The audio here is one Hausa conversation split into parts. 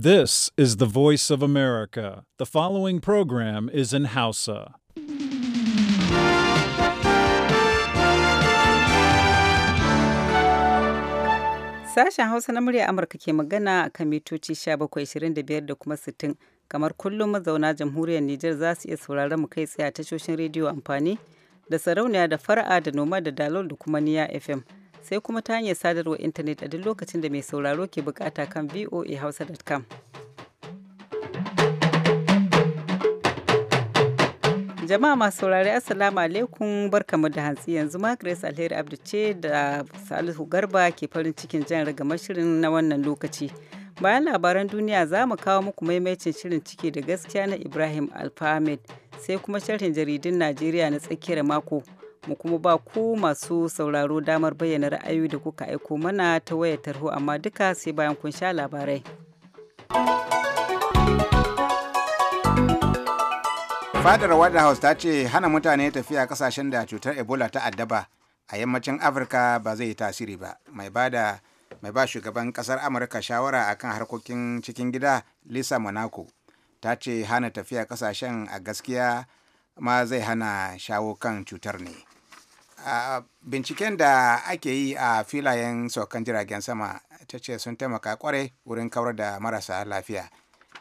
This is the voice of America. The following program is in Hausa. Sashen Hausa na murya Amurka ke magana a kan mitoci 1725 da kuma 60 kamar kullum mazauna jamhuriyar Nijar za su iya sauraron mu kai tsaye a tashoshin rediyo amfani da sarauniya da fara'a da noma da dalol da kuma niya FM. sai kuma ta hanyar sadarwar intanet a duk lokacin da mai sauraro ke bukata kan voahausa.com. jama'a masu saurari assalamu alaikum barkamu da hantsi yanzu ma grace alheri abdu da salihu garba ke farin cikin jan ragamar shirin na wannan lokaci bayan labaran duniya za mu kawo muku maimaicin shirin ciki da gaskiya na ibrahim alfahamed sai kuma sharhin jaridun najeriya na tsakiyar mako mu kuma ba ku masu sauraro damar bayyana ra'ayoyi da kuka aiko mana ta wayar tarho amma duka sai bayan kun sha labarai. Fadar White House ta ce hana mutane tafiya kasashen da cutar Ebola ta addaba a yammacin Afirka ba zai yi tasiri ba. Mai bada mai ba shugaban kasar Amurka shawara a kan harkokin cikin gida Lisa Monaco ta ce hana tafiya kasashen a gaskiya ma zai hana shawo kan cutar ne. binciken da ake yi a filayen saukan jiragen sama ta ce sun taimaka kwarai wurin kawar da marasa lafiya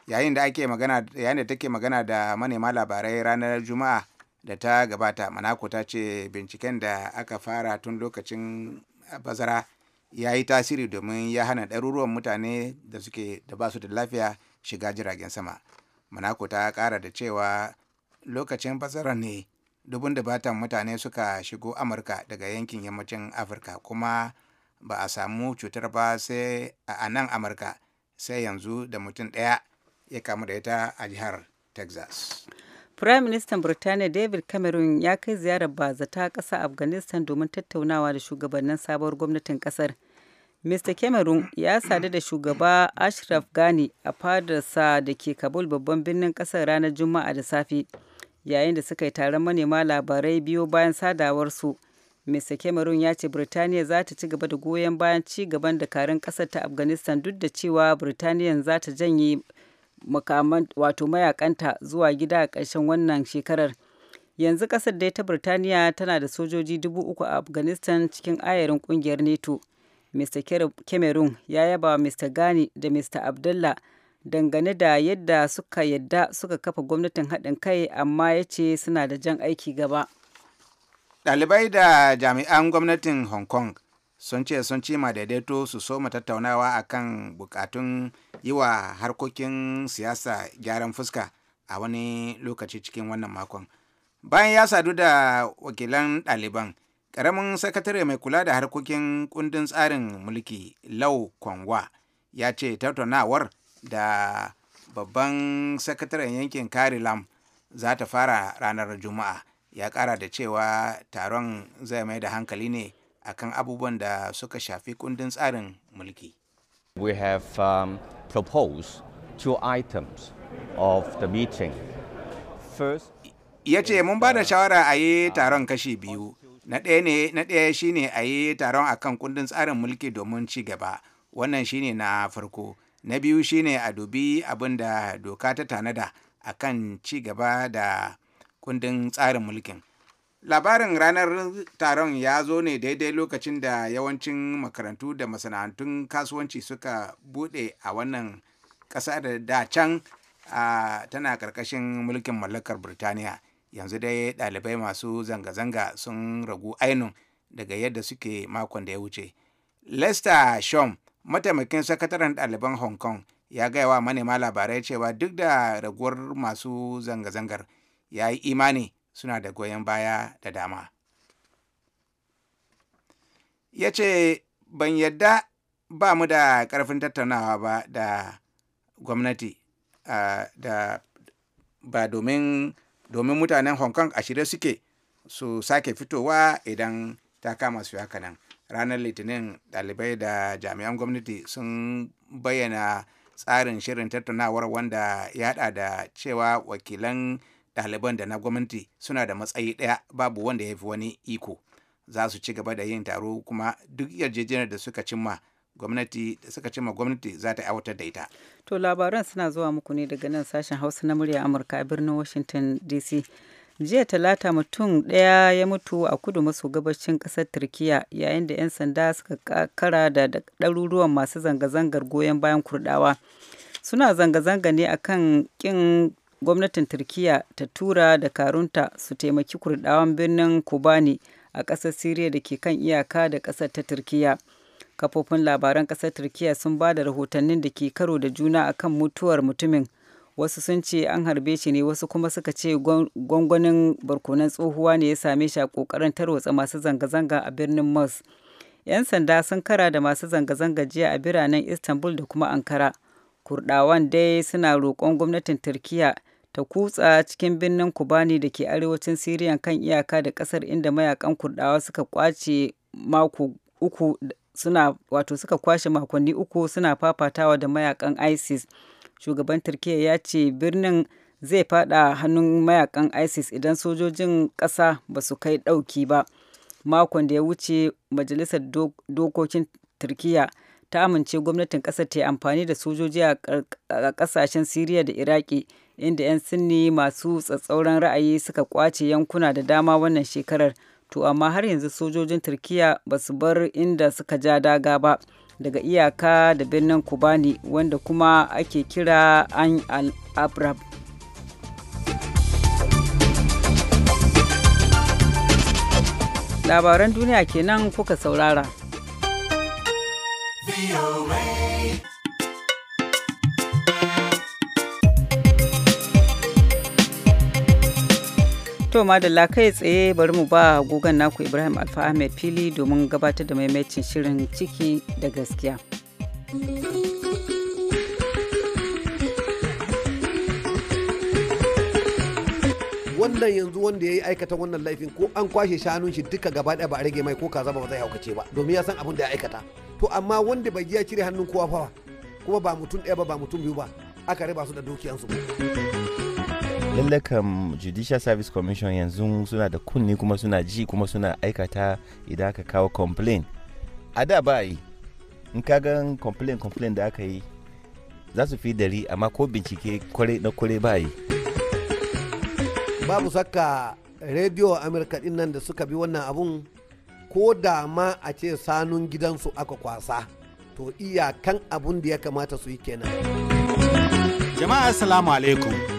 yayin da ake magana yayin da take magana da manema labarai ranar juma'a da ta gabata manako ta ce binciken da aka fara tun lokacin bazara ya yi tasiri domin ya hana ɗaruruwan mutane da suke da basu da lafiya shiga jiragen sama manako ta ƙara da cewa lokacin bazara ne dubun da batan mutane suka shigo amurka daga yankin yammacin afirka kuma ba a samu cutar ba sai a nan amurka sai yanzu da mutum daya ya kamu da ita a jihar texas Firayim Ministan Birtaniya David Cameron ya kai ziyarar bazata kasa Afghanistan domin tattaunawa da shugabannin sabuwar gwamnatin kasar Mr. Cameron ya sadu da shugaba Ashraf Ghani a fadarsa da ke Kabul babban birnin kasar ranar Juma'a da safe. yayin da suka yi taron manema labarai biyo bayan sadawarsu mr cameron ya ce birtaniya za ta ci gaba da goyon bayan ci gaban dakarun kasar ta afghanistan duk da cewa birtaniya za ta janye makaman wato mayakanta zuwa gida a ƙarshen wannan shekarar yanzu kasar da ta birtaniya tana da sojoji dubu uku a afghanistan cikin ayarin kungiyar nato mr cameron ya yaba wa mr gani da mr abdullah dangane da yadda suka yadda suka kafa gwamnatin haɗin kai amma ya ce suna da jan aiki gaba. Ɗalibai da jami'an gwamnatin Hong Kong sun ce sun cima daidaito su soma tattaunawa a kan bukatun yi wa harkokin siyasa gyaran fuska a wani lokaci cikin wannan makon. Bayan ya sadu da wakilan ɗaliban, ƙaramin sakatare mai kula da harkokin kundin tsarin mulki Lau Kwangwa ya ce tattaunawar da babban sakataren yankin karilam za ta fara ranar juma'a ya kara da cewa taron zai mai da hankali ne akan abubuwan da suka shafi kundin tsarin mulki we have um, proposed two items of the meeting first ya ce mun ba da uh, shawara a yi taron kashi biyu na ɗaya ne na ɗaya shine a yi taron akan kundin tsarin mulki domin ci gaba wannan shine na farko na biyu shine a dubi abin da doka ta tanada a kan ci gaba da kundin tsarin mulkin labarin ranar taron ya zo ne daidai lokacin da yawancin makarantu da masana'antun kasuwanci suka bude a wannan ƙasa da dacan tana ƙarƙashin mulkin mallakar birtaniya yanzu dai ɗalibai masu zanga-zanga sun ragu ainun daga yadda suke makon da ya wuce lester shom mataimakin sakataren ɗaliban hong kong ya gaya wa manema labarai cewa duk da raguwar masu zanga-zangar ya yi imani suna da goyon baya da dama ya ce ban yadda ba mu da karfin tattaunawa ba da gwamnati da ba domin mutanen hong kong a shirye suke su sake fitowa idan ta kama su haka nan ranar litinin dalibai da jami'an gwamnati sun bayyana tsarin shirin tattaunawar wanda ya da cewa wakilan ɗaliban da na gwamnati suna da matsayi ɗaya babu wanda ya fi wani iko za su ci gaba da yin taro kuma duk yarjejeniyar da suka cimma gwamnati da suka cimma gwamnati za ta aiwatar da ita to labaran suna zuwa muku ne daga nan sashen hausa na murya amurka birnin washington dc jiya talata mutum ɗaya ya mutu a kudu maso gabashin ƙasar turkiyya yayin da 'yan sanda suka kara da ɗaruruwan masu zanga-zangar goyon bayan kurdawa suna zanga-zanga ne akan ƙin gwamnatin turkiyya ta tura da karunta su taimaki kurdawan birnin kobani a ƙasar siriya da ke kan iyaka da ƙasar ta turkiyya kafofin labaran ƙasar turkiya sun ba da rahotannin da ke karo da juna akan mutuwar mutumin wasu sun ce an harbe shi ne wasu kuma suka ce gwangwanin barkonan tsohuwa ne ya same shi a kokarin tarwatsa masu zanga-zanga a birnin mos 'yan sanda sun kara da masu zanga-zanga jiya a biranen istanbul da kuma ankara kurdawan dai suna roƙon gwamnatin turkiya ta kutsa cikin birnin kubani da ke arewacin siriya kan iyaka da kasar inda mayakan kurdawa suka kwace mako uku suna wato suka kwashe makonni uku suna fafatawa da mayakan isis shugaban turkiya ya ce birnin zai fada hannun mayakan isis idan sojojin kasa ba su kai dauki ba makon da ya wuce majalisar dokokin turkiya ta amince gwamnatin ƙasar ta yi amfani da sojoji a kasashen siriya da iraki inda 'yan sinni masu tsatsauran ra'ayi suka kwace yankuna da dama wannan shekarar to amma har yanzu sojojin turkiya ba su bar inda suka ja daga ba daga iyaka da birnin kubani wanda kuma ake kira an al-Abrab. Labaran duniya kenan kuka saurara. To madalla kai tsaye bari mu ba gogon naku Ibrahim Alfa Ahmed fili domin gabatar da maimacin shirin ciki da gaskiya. wannan yanzu wanda ya yi aikata wannan laifin ko an kwashe shanun shi duka gaba ɗaya ba a rage mai ko kaza ba zai haukace ba domin ya san abin da ya aikata to amma wanda bai ya cire hannun kowa fa kuma ba mutum ɗaya ba ba mutum biyu ba aka riba su da dukiyansu ba. lalle kam judicial service commission yanzu suna da kunni kuma suna ji kuma suna aikata idan aka kawo complain a da ba yi in ka ga complain complain da aka yi za su fi dari amma ko bincike kware na kware ba yi babu saka rediyo amurka din nan da suka bi wannan abun ko da ma a ce sanun gidansu aka kwasa to iyakan abun da ya kamata su yi kenan jama'a assalamu alaikum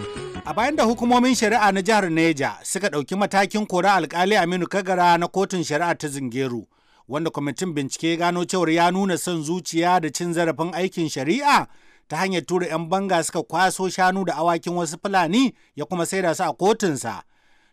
A bayan da hukumomin shari'a na jihar Neja suka ɗauki matakin kora alkali Aminu Kagara na kotun shari'a ta Zingeru, wanda kwamitin bincike gano cewar ya nuna son zuciya da cin zarafin aikin shari'a ta hanyar tura 'yan banga suka kwaso shanu da awakin wasu Fulani ya kuma saida su a kotunsa.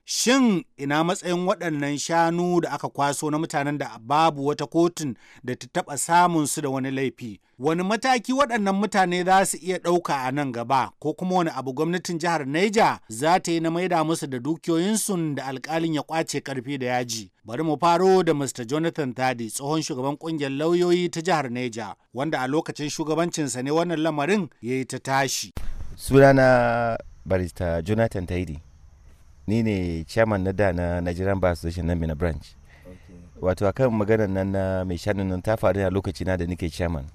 Shin ina matsayin waɗannan shanu da aka kwaso na mutanen da babu wata kotun da ta taɓa samun su da wani laifi? Wani mataki waɗannan mutane za su iya ɗauka a nan gaba ko kuma wani abu gwamnatin jihar Neja za ta yi na maida musu da dukiyoyinsu da alƙalin ya kwace ƙarfi da yaji. Bari mu faro da Mr. Jonathan Tadi tsohon shugaban ƙungiyar lauyoyi ta jihar Neja wanda a lokacin shugabancinsa ne wannan lamarin ya yi ta tashi. Sunana barista Jonathan tadi ni ne chairman na da na Nigerian Bar Association na Mina Branch. Wato akan magana nan na mai shanin nan ta faru a lokaci na da nake chairman.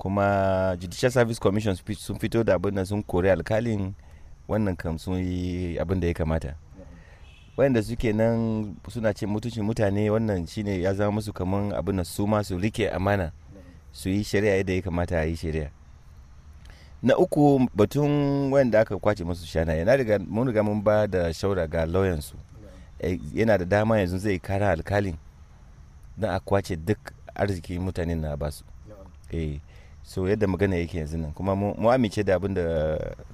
Kuma Judicial Service Commission sun fito da abin da sun kori alkalin wannan kam sun yi abin da ya kamata. wayanda suke nan suna ce mutuncin mutane wannan shine ya zama musu kamar abin su ma su rike amana su yi shari'a yadda ya kamata a yi shari'a na uku batun wanda aka kwace musu shana yana riga mun riga mun ba da shaura ga lauyansu eh, yana da dama yanzu zai kara alkalin dan a kwace duk arziki mutanen na basu eh so yadda magana yake yanzu nan kuma mu amince da abin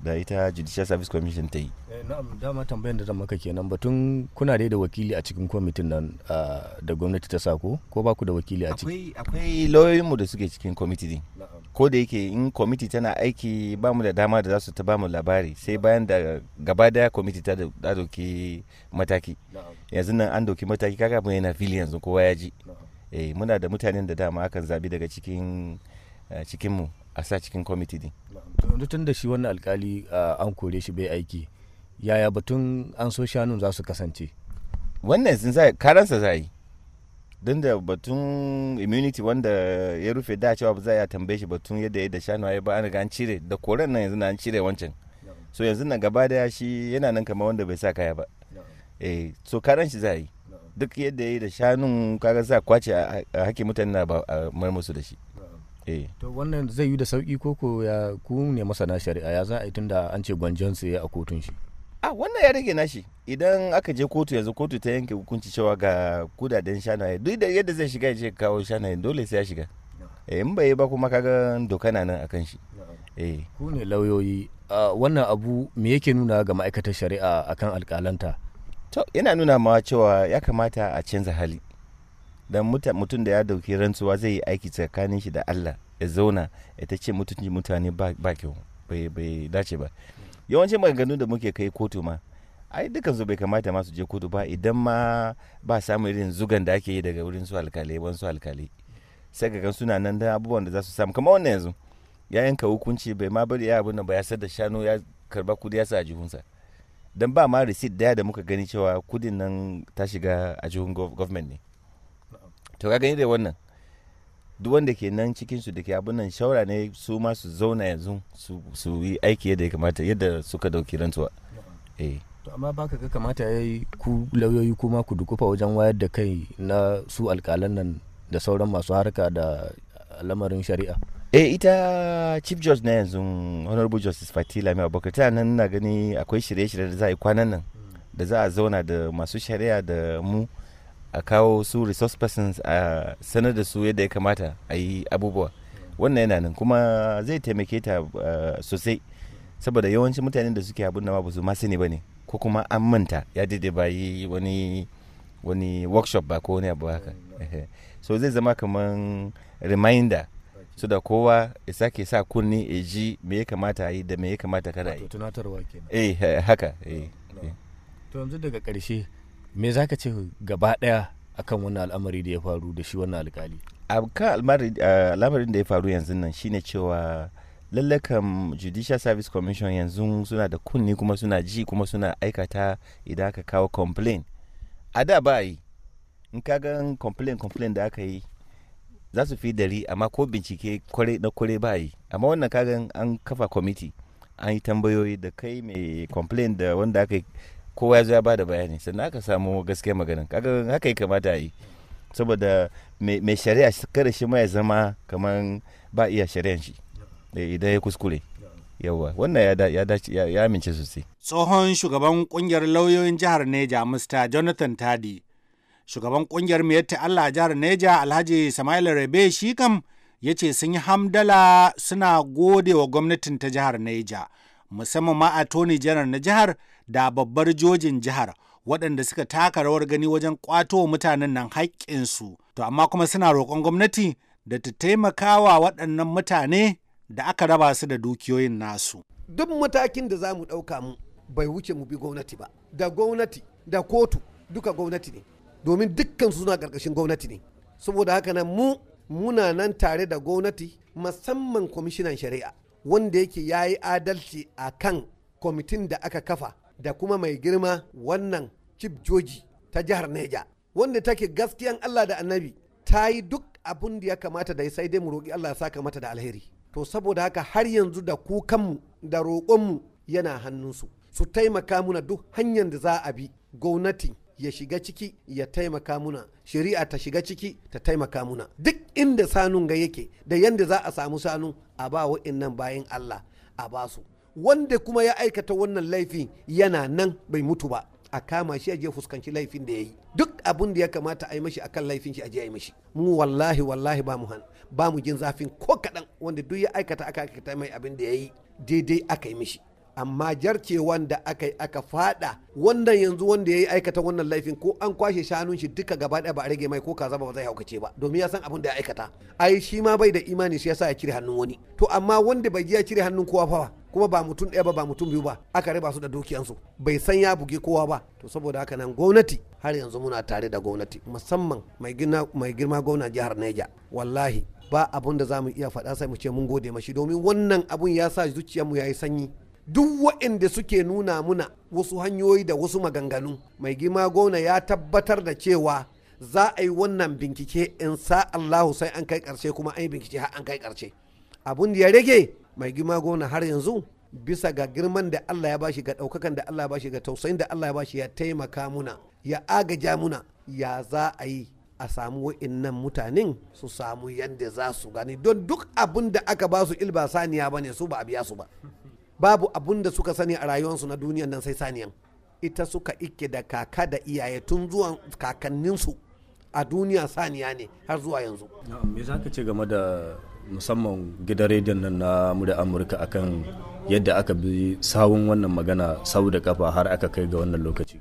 da ita judicial service commission ta yi eh, na'am dama tambayar da zan maka kenan batun kuna dai da wakili a cikin kwamitin nan da gwamnati ta sako ko ba ku da wakili a ciki akwai mu da suke cikin committee din na'am ko da yake in kwamiti tana aiki ba mu da dama da za su ta bamu labari sai bayan da gaba daya kwamiti ta doki mataki yanzu nan an doki mataki kaga mu yana fili yanzu kowa ya ji eh muna da mutanen da dama akan zabi daga cikin eh, cikin mu a sa cikin kwamiti din yanzu tun da shi wannan alkali eh, an kore shi bai aiki yaya batun an so shanun za su kasance wannan sun karansa za yi don da batun immunity wanda ya rufe da cewa ba za a tambaye shi batun yadda ya da shanu ba an riga an cire da koren nan yanzu na an cire wancan so yanzu na gaba da shi yana nan kamar wanda bai sa kaya ba eh so karan shi za a yi duk yadda ya yi da shanun kaga za kwace a hakkin mutane na ba a marmusu da shi eh. to wannan zai yi da sauki ko ko ya ku ne masana shari'a ya za a yi tunda an ce gwanjon sai a kotun shi a ah, wannan ya rage nashi idan aka je kotu yanzu kotu ta yanke hukunci cewa ga kudaden shanaye duk da yadda zai shiga ya ce kawo shanaye dole sai ya shiga eh, in bai ba kuma kaga doka nan akan shi eh. ku ne lauyoyi wannan abu me yake nuna ga ma'aikatar shari'a akan alƙalanta. to yana nuna ma cewa ya kamata a canza hali dan mutum da ya dauki rantsuwa zai yi aiki tsakanin shi da Allah ya zauna ya ta ce mutunci mutane ba kyau bai dace ba yawancin maganganu da muke kai kotu ma ai dukan su bai kamata ma su je kudu ba idan ma ba samun irin zugan da ake yi daga wurin su alkalai wani su alkalai sai ga kan suna nan da abubuwan da za su samu kamar wannan yanzu ya yanka hukunci bai ma bari ya abin ba ya da shanu ya karba kudi ya sa a jihunsa dan ba ma receipt daya da muka gani cewa kudin nan ta shiga a jihun government ne to ka gani da wannan duk wanda ke nan cikin su da ke abin nan shaura ne su ma su zauna yanzu su yi aiki yadda ya kamata yadda suka dauki rantsuwa eh to amma baka ga kamata ya yi ku lauyoyi kuma ku dukufa wajen wayar da kai na su alkalan nan da sauran masu harka da lamarin shari'a eh ita chief judge na yanzu honorable justice fatila mai abubakar ta nan na gani akwai shirye-shirye da za a yi kwanan nan da za a zauna da masu shari'a da mu a kawo su resource persons a sanar da su yadda ya kamata a yi abubuwa wannan yana nan kuma zai taimake ta eh, sosai saboda yawancin mutanen da suke abin da ba su ma sani ba ne ko kuma an manta ya dade ba yi wani wani workshop ba ko wani abu haka so zai zama kamar reminder so da kowa ya sake sa kunni ya ji me ya kamata yi da me ya kamata kada yi tunatarwa kenan eh haka eh, eh to yanzu daga karshe me zaka ce gaba daya akan wannan al'amari da ya faru da shi wannan alkali kan al'amarin da ya faru yanzu nan shine cewa lalle kam judicial service commission yanzu suna da kunni kuma suna ji kuma suna aikata idan aka kawo complain a da ba yi in ka ga complain complain da aka yi za su fi dari amma ko bincike kware na kware ba yi amma wannan kagan an kafa committee an yi tambayoyi da kai mai complain da wanda aka yi kowa ya zo ya ba da bayani sannan aka samu gaskiya maganin kaga haka ya kamata a yi saboda mai shari'a kada shi ma ya zama kamar ba iya shari'an shi Eh, idan ya kuskure yawa wannan ya amince sosai tsohon shugaban kungiyar lauyoyin jihar neja mr jonathan tadi shugaban kungiyar yatta allah jihar neja alhaji sama'il rabe shi kam ya ce sun yi hamdala suna gode wa gwamnatin ta jihar neja musamman ma a tony janar na jihar da babbar jojin jihar waɗanda suka taka rawar gani wajen kwato mutanen nan haƙƙinsu to amma kuma suna roƙon gwamnati da ta taimakawa waɗannan mutane da aka raba su da dukiyoyin nasu. Duk matakin da za mu ɗauka mu bai wuce mu bi gwamnati ba. Da gwamnati da kotu duka gwamnati ne. Domin dukkan suna ƙarƙashin gwamnati ne. Saboda haka nan mu muna nan tare da gwamnati musamman kwamishinan shari'a wanda yake ya yi adalci a kan kwamitin da aka kafa da kuma mai girma wannan chief joji ta jihar neja wanda take gaskiyan allah da annabi ta yi duk abin da ya kamata da sai dai mu roƙi allah ya saka mata da alheri to saboda haka har yanzu da kukanmu da roƙonmu yana hannunsu su taimaka muna duk hanyar da za a bi gwamnati ya shiga ciki ya taimaka muna shari'a ta shiga ciki ta taimaka muna duk inda sanun ga yake da yanda za a samu sanu a ba wa'innan bayan Allah a basu wanda kuma ya aikata wannan laifin yana nan bai mutu ba a kama shi a fuskanci laifin da ya yi duk abin da ya kamata a yi mashi akan laifin shi aje a yi mashi mu wallahi wallahi ba mu han ba mu jin zafin ko kaɗan wanda duk ya aikata aka aikata mai abin da ya yi daidai aka yi mashi amma jarke wanda aka yi aka fada wannan yanzu wanda ya yi aikata wannan laifin ko an kwashe shanun shi duka gaba ɗaya ba a rage mai ko kaza ba zai haukace ba domin ya san abin da ya aikata ai shi ma bai da imani shi yasa ya cire hannun wani to amma wanda bai ya cire hannun kowa fa kuma ba mutum ɗaya ba ba mutum biyu ba aka riba su da dukiyansu bai san ya buge kowa ba to saboda haka nan gwamnati har yanzu muna tare da gwamnati musamman mai girma gwamna jihar Neja wallahi ba abun da zamu iya faɗa sai mu ce mun gode mashi domin wannan abun ya sa zuciyarmu ya yi sanyi duk waɗanda suke nuna muna wasu hanyoyi da wasu maganganu mai gima gona ya tabbatar da cewa za a yi wannan bincike in sa Allahu sai an kai ƙarshe kuma an yi bincike har an kai ƙarshe abun da ya rage mai gima gona har yanzu bisa ga girman da Allah ya bashi ga ɗaukakan da Allah ya bashi ga tausayin da Allah ya bashi ya taimaka muna ya agaja muna ya za a yi a samu wa'innan mutanen su samu yadda za su gani don duk abin da aka ba su ilba saniya ba ne su ba a biya su ba babu abun da suka sani a rayuwarsu na duniyan nan sai saniyan ita suka ike da kaka da iyaye tun zuwa kakanninsu a duniya saniya ne har zuwa yanzu me za ka ce game da musamman gidan rediyon nan na murya amurka akan yadda aka bi sawun wannan magana sau da kafa har aka kai ga wannan lokaci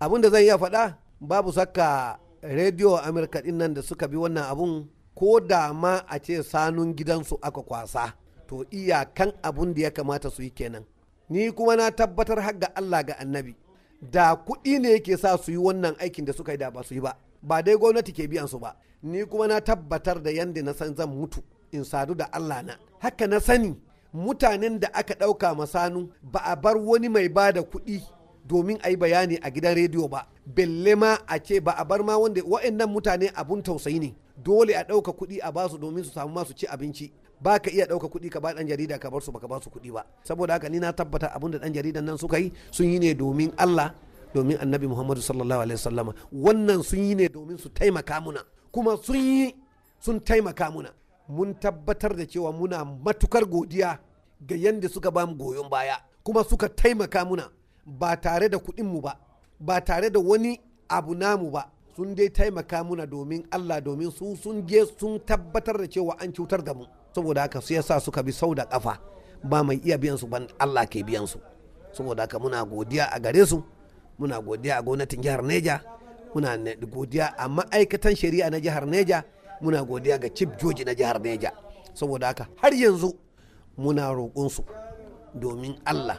abun da zan iya faɗa babu saka rediyo amurka ɗin nan da suka bi wannan abun ko da ma a ce sanun gidansu aka kwasa to iyakan abun da ya kamata su yi kenan ni kuma na tabbatar har ga Allah ga annabi da kuɗi ne yake sa su yi wannan aikin da suka yi da ba su yi ba ba dai gwamnati ke biyan su ba ni kuma na tabbatar da yadda na san zan mutu in sadu da Allah na haka na sani mutanen da aka ɗauka masanu ba a bar wani mai ba da kuɗi domin a yi bayani a gidan rediyo ba belle ma a ce ba a bar ma wanda wa'annan mutane abun tausayi ne dole a ɗauka kuɗi a basu domin su samu masu ci abinci ba ka iya ɗauka kuɗi ka ba ɗan jarida ka bar su baka ba su kuɗi ba saboda haka ni na tabbata abin da ɗan jaridan nan suka yi sun yi ne domin Allah domin annabi Muhammadu sallallahu alaihi wasallam wannan sun yi ne domin su taimaka muna kuma sun yi sun taimaka muna mun tabbatar da cewa muna matukar godiya ga yanda suka ba mu goyon baya kuma suka taimaka muna ba tare da kuɗin mu ba ba tare da wani abu namu ba sun dai taimaka muna domin Allah domin su sun je sun tabbatar da cewa an cutar da mu saboda haka su yasa suka bi sau da kafa ba mai iya biyan su ban Allah ke biyan su saboda haka muna godiya a gare su muna godiya a gwamnatin jihar Neja muna godiya a ma'aikatan shari'a na jihar Neja muna godiya ga chief joji na jihar Neja saboda haka har yanzu muna roƙon su domin Allah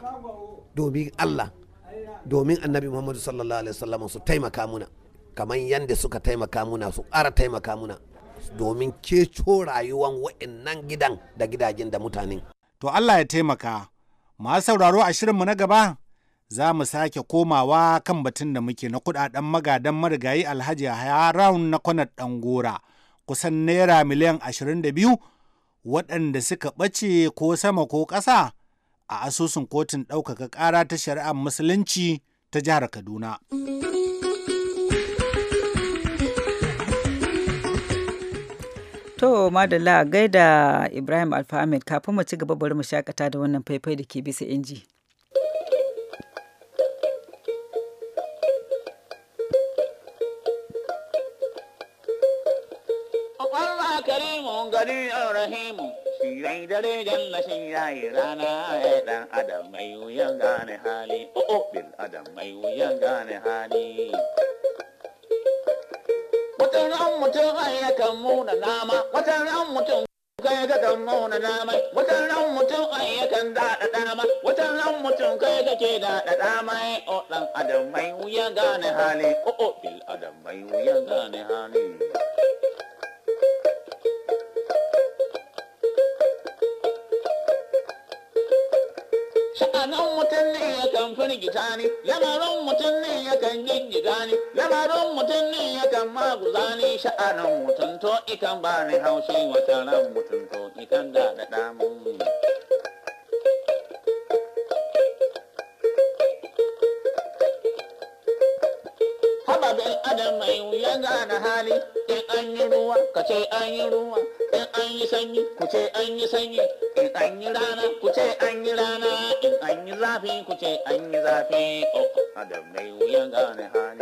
domin Allah domin annabi Muhammadu sallallahu alaihi wasallam su taimaka muna kamar yadda suka taimaka muna su ƙara taimaka muna domin keco rayuwan wa'annan gidan da gidajen da mutanen. To Allah ya taimaka, masu sauraro a shirinmu na gaba za mu sake komawa kan batun da muke na kudaden magadan marigayi alhaji Harun na kwanar ɗangora kusan naira miliyan 22 waɗanda suka ɓace ko sama ko ƙasa a asusun kotun ɗaukaka ƙara ta shari'ar musulunci ta jihar Kaduna. To madalla gaida Ibrahim alfahmed kafin mu ci gaba bari mu shakata da wannan faifai da ke bisa inji. Allah karimu gari rahimu shi yayi dare shi yayi rana ya eh, ɗan adam mai wuyan gane hali o oh, oh, adam mai wuyan gane hali wata ran mutum ai kan muna nama wata ran mutum kai ga kan muna nama wata ran mutum ai kan daɗa dama wata ran mutum kai ga ke daɗa dama o dan adam mai wuya gane hali o o bil adam mai wuya gane hali lamarin mutum ne yakan firgita ne lamarin mutum ne yakan gingida ne lamarin mutum ne yakan maguza ne sha'anan mutum to ikan ba ni haushi wata ran mutum to ikan da da damun Haba bin adam mai wuya gane hali in an yi ruwa ka ce an yi ruwa in an yi sanyi ku ce an yi sanyi in an yi rana ku ce an yi rana in an yi zafi ku ce an yi zafi oh adam mai wuyan gane hali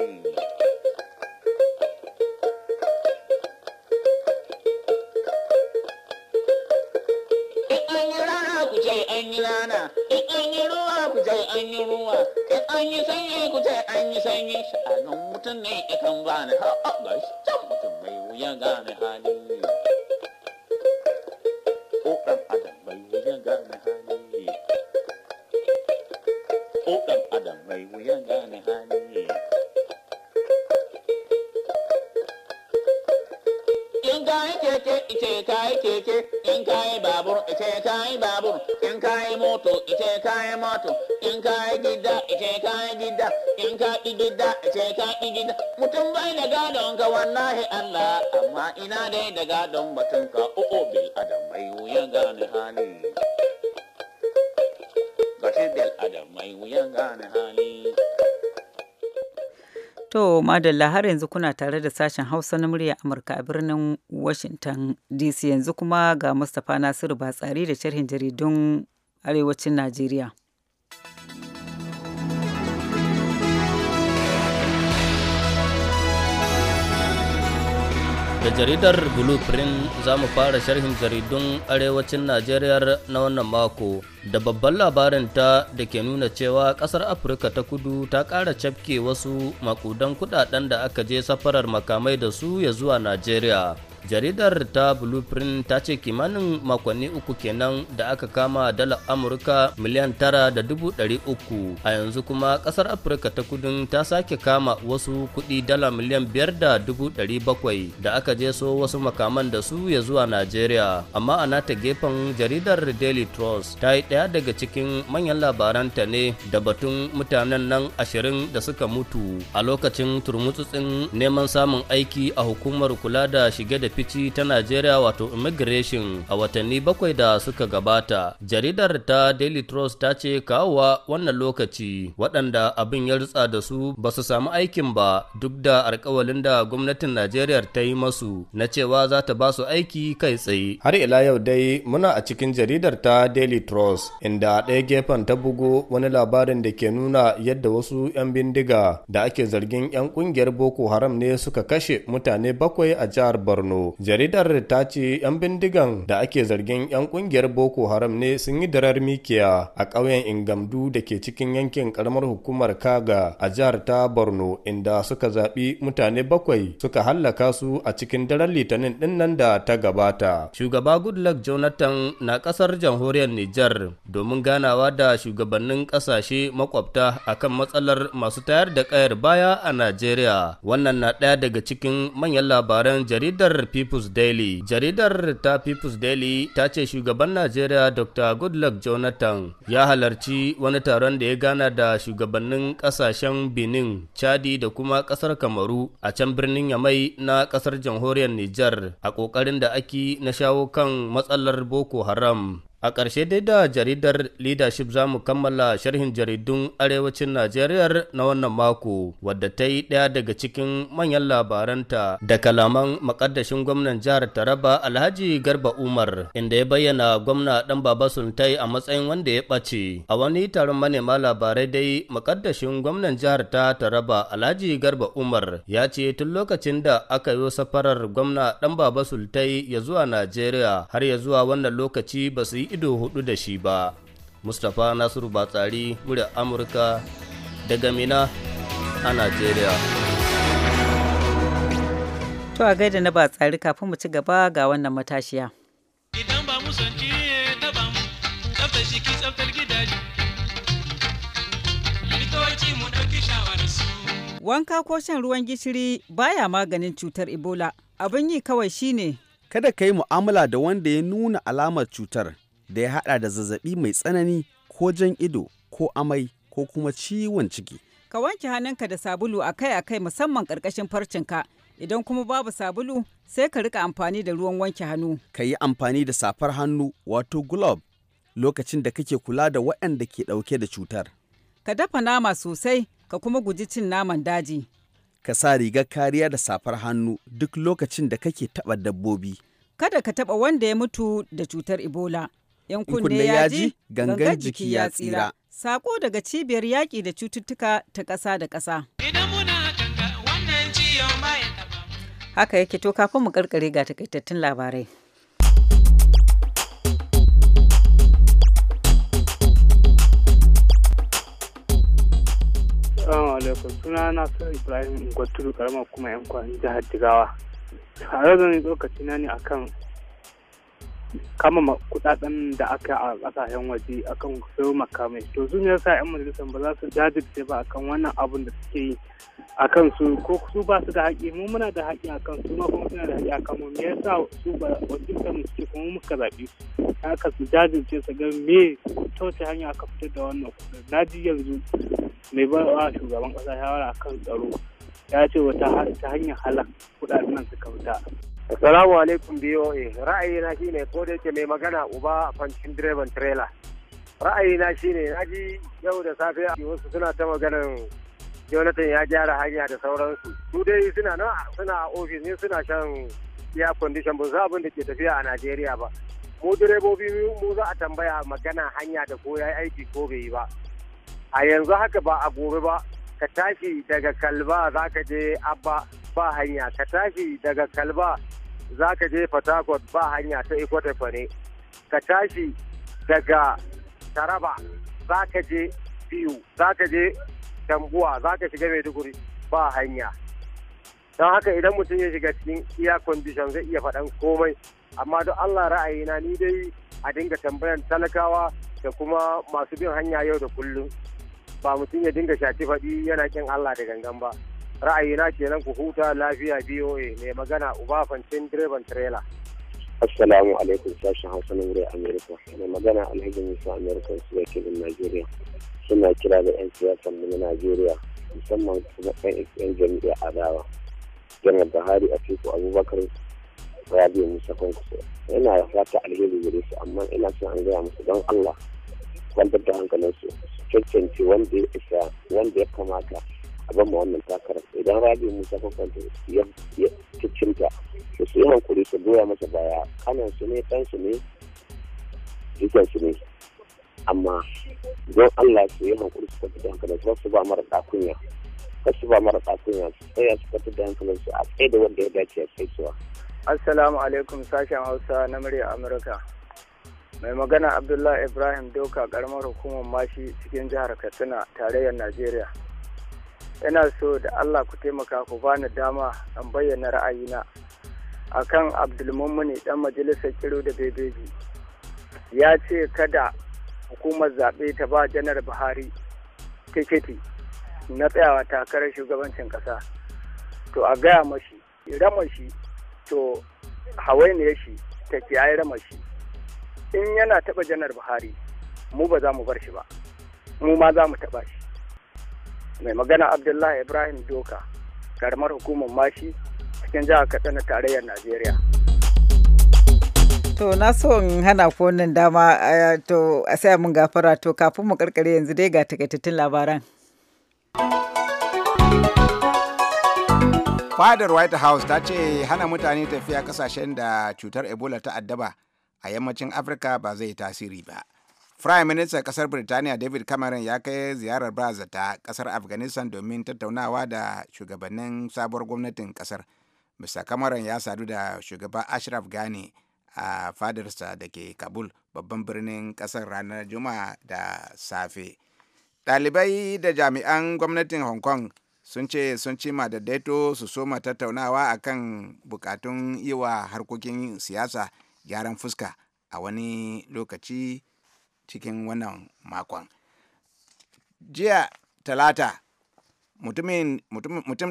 rana in an yi ruwa ku ce an yi ruwa in an yi sanyi ku ce an yi sanyi sha'anin mutum ne ikan bani ha'a ga shi can mutum mai wuya gane hali kayi keke in kayi babur ce kayi babur in kayi moto ce kayi moto in kayi gida ce kayi gida in kayi gida ce kayi gida mutum bai da gadon ka wallahi Allah amma ina dai da gadon batun ka uku bil adam mai wuyan gane hali gashi bil adam mai wuyan gane hali To, Madalla har yanzu kuna tare da sashen Hausa na murya Amurka a birnin Washington DC yanzu kuma ga Mustapha Nasiru ba tsari da sharhin jaridun Arewacin Najeriya. da jaridar blueprint za mu fara sharhin jaridun arewacin najeriya na wannan mako da babban labarin ta da ke nuna cewa kasar afirka ta kudu ta ƙara cafke wasu makudan kudaden da aka je safarar makamai da su ya zuwa najeriya jaridar ta blueprint ta ce kimanin makonni uku kenan da aka kama dala amurka miliyan tara da dubu ɗari uku a yanzu kuma ƙasar afirka ta kudin ta sake kama wasu kuɗi dala miliyan biyar da dubu ɗari bakwai da aka je so wasu makaman da su ya zuwa najeriya amma a nata gefen jaridar daily trust ta yi ɗaya daga cikin manyan labaranta ne da batun mutanen nan ashirin da suka mutu a lokacin turmutsutsin neman samun aiki a hukumar kula da shige da fici ta Najeriya wato immigration a watanni bakwai da suka gabata. Jaridar ta Daily Trust ta ce kawowa wannan lokaci waɗanda abin ya rutsa da su ba su samu aikin ba duk da alkawalin da gwamnatin Najeriya ta yi masu na cewa za ta ba su aiki kai tsaye. Har ila yau dai muna a cikin jaridar ta Daily Trust inda ɗaya gefen ta bugo wani labarin da ke nuna yadda wasu 'yan bindiga da ake zargin 'yan ƙungiyar Boko Haram ne suka kashe mutane bakwai a jihar Borno. Jaridar ta ce 'yan bindigan da ake zargin 'yan kungiyar Boko Haram ne sun yi darar mikiya a ƙauyen Ingamdu da ke cikin yankin karamar hukumar Kaga a jihar ta Borno inda suka zaɓi mutane bakwai suka hallaka su a cikin daren Litinin ɗin nan da ta gabata. Shugaba Goodluck Jonathan na ƙasar jamhuriyar Nijar domin ganawa da shugabannin ƙasashe makwabta akan matsalar masu tayar da ƙayar baya a Najeriya. Wannan na ɗaya daga cikin manyan labaran jaridar People's Daily. Jaridar ta People's Daily ta ce shugaban Najeriya Dr. Goodluck Jonathan ya halarci wani taron da ya gana da shugabannin kasashen Benin, Chadi da kuma kasar Kamaru a can birnin Yamai na kasar jamhuriyar Nijar a kokarin da ake na shawo kan matsalar Boko Haram. A ƙarshe dai da jaridar leadership za mu kammala sharhin jaridun arewacin Najeriya na wannan mako wadda ta yi ɗaya daga cikin manyan labaranta da kalaman makaddashin gwamnan jihar Taraba Alhaji Garba Umar inda ya bayyana gwamna ɗan Baba Sultai a matsayin wanda ya ɓace. A wani taron manema labarai dai makaddashin gwamnan jihar ta Taraba Alhaji Garba Umar ya ce tun lokacin da aka yi safarar gwamna ɗan Baba Sultai ya zuwa Najeriya har ya zuwa wannan lokaci ba su yi ido hudu da shi ba mustapha nasiru batsari murya amurka daga mina a najeriya to a gaida na batsari kafin mu ci gaba ga wannan matashiya wanka ko shan ruwan gishiri baya maganin cutar ebola abin yi kawai shine kada ka yi mu'amala da wanda ya nuna alamar cutar da ya haɗa da zazzabi mai tsanani ko jan ido ko amai ko kuma ciwon ciki. Ka wanke hannunka da sabulu akai-akai musamman ƙarƙashin farcinka. Idan kuma babu sabulu sai ka rika amfani da ruwan wanke hannu. Ka yi amfani da safar hannu wato glove lokacin da kake kula da waɗanda ke ɗauke da cutar. Ka dafa nama sosai ka kuma guji cin naman daji. Ka sa rigar kariya da safar hannu duk lokacin da kake taɓa dabbobi. Kada ka taɓa wanda ya mutu da cutar Ebola. 'yan kunne ya ji gangan jiki ya tsira. Sako daga cibiyar yaƙi da cututtuka ta ƙasa da ƙasa. Haka yake to kafin mu karkare ga takaitattun labarai. Assalamu alaikum suna na su Ibrahim Gwaturu karamar kuma 'yan kwanin jihar Jigawa. A da lokaci na ne akan kama kudaden da aka a kasashen waje akan sayo makamai to sun yasa yan majalisar ba za su jajirce ba akan wannan abin da suke yi a kan su ko su ba su da haƙi mu muna da haƙi a kan su ma kuma suna da haƙi a kan mu me yasa su ba wajen mu suke kuma muka zaɓi su haka su jajirce su ga me ta wace hanya aka fitar da wannan kuɗin na ji yanzu mai ba wa shugaban ƙasa shawara akan tsaro ya ce wata ta hanyar halar kuɗaɗen nan suka fita Assalamu alaikum BOA. Ra'ayina shine ko da yake mai magana uba a fancin direban trailer. Ra'ayina shine na ji yau da safe wasu suna ta maganan Jonathan ya gyara hanya da sauransu. Su dai suna nan suna ofis ne suna shan air condition ba za abin da ke tafiya a Najeriya ba. Mu direbobi mu za a tambaya magana hanya da ko ya aiki ko bai yi ba. A yanzu haka ba a gobe ba ka tashi daga kalba za ka je abba ba hanya ka tashi daga kalba za ka je fatakot ba hanya ta ne ka tashi daga taraba za ka je biyu za ka je tambuwa za ka shiga maiduguri ba hanya don haka idan mutum ya shiga cikin iya condition zai iya faɗan komai amma don allah ra'ayina ni dai a dinga tambayan talakawa da kuma masu bin hanya yau da kullum ba mutum ya dinga shati faɗi yana kin allah da gangan ba. ra'ayina kenan ku huta lafiya BOA mai magana uba fantin direban trela. Assalamu alaikum sashen Hausa na wurin Amerika. Mai magana Alhaji Musa Amerika su da Najeriya. Suna kira da 'yan siyasan mu na Najeriya musamman kuma 'yan jam'iyyar adawa. Janar Buhari a Teku Abubakar Rabiu Musa Kwankwaso. Yana fata alheri gare su amma ina son an gaya musu don Allah kwantar da hankalinsu su wanda ya isa wanda ya kamata a ban ma wannan takarar idan rabi musa kwakwanta ya cicinta da su yi hankuri su goya masa baya kanan su ne kan su ne jikin su ne amma don allah su yi hankuri su kwafi da hankalin su su ba mara ɗakunya kar su ba mara ɗakunya su tsaya su kwafi da hankalin su a tsaye da wanda ya dace a tsaye suwa. assalamu alaikum sashen hausa na murya amurka mai magana abdullahi ibrahim doka karamar hukumar mashi cikin jihar katsina tarayyar najeriya yana so da Allah ku taimaka ku bani dama in bayyana ra'ayina akan abdulmummuni dan majalisar kiro da bebeji ya ce kada hukumar zaɓe ta ba janar buhari tikiti na tsayawa takarar shugabancin ƙasa to a gaya mashi ramashi to ne shi ta kiyaye ramashi in yana taɓa janar buhari mu ba za mu bar shi ba mu ma za mu taɓa shi mai magana abdullahi ibrahim doka karamar hukumar mashi cikin jihar katsina tarayyar najeriya to na so in hana ku wannan dama eh, to a sai mun gafara to kafin mu karkare yanzu dai ga takaitattun labaran fadar white house ta ce hana mutane tafiya kasashen da cutar ebola ta addaba a yammacin afirka ba zai tasiri ba Prime Minister ƙasar Birtaniya David Cameron ya kai ziyarar Brazil ta kasar Afghanistan domin tattaunawa da shugabannin sabuwar gwamnatin ƙasar Mr. Cameron ya sadu da shugaba Ashraf Ghani a fadarsa da ke Kabul babban birnin ƙasar ranar Juma'a da safe. Ɗalibai da jami'an gwamnatin Hong Kong sun ce sun cima da daidaito su soma tattaunawa akan bukatun yi wa harkokin siyasa gyaran fuska a wani lokaci. cikin wannan makon jiya talata mutum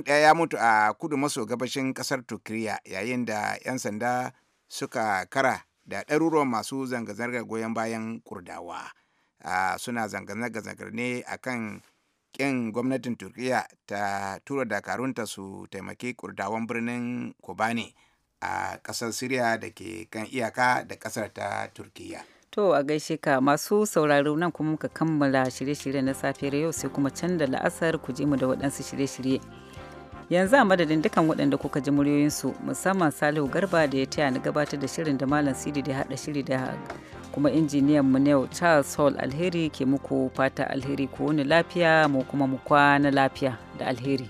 ɗaya ya mutu a kudu maso gabashin ƙasar turkiyya yayin da 'yan sanda suka kara da ɗaruruwan masu zanga-zangar goyon bayan kurdawa suna zanga-zangar ne a kan ƙin gwamnatin turkiyya ta tura dakarunta su taimaki kurdawan birnin kobani a ƙasar siriya da ke kan iyaka da ƙasar ta turkiyya To a gaishe ka masu sauraro nan kuma muka kammala shirye-shirye na safiyar yau sai kuma can da la'asar ku je mu da waɗansu shirye-shirye. Yanzu a madadin dukan waɗanda kuka ji muryoyinsu musamman Salihu Garba da ya taya ni gabatar da shirin da Malam Sidi da haɗa shiri da kuma injiniyan mu yau Charles Hall Alheri ke muku fata alheri ko wani lafiya mu kuma mu kwana lafiya da alheri.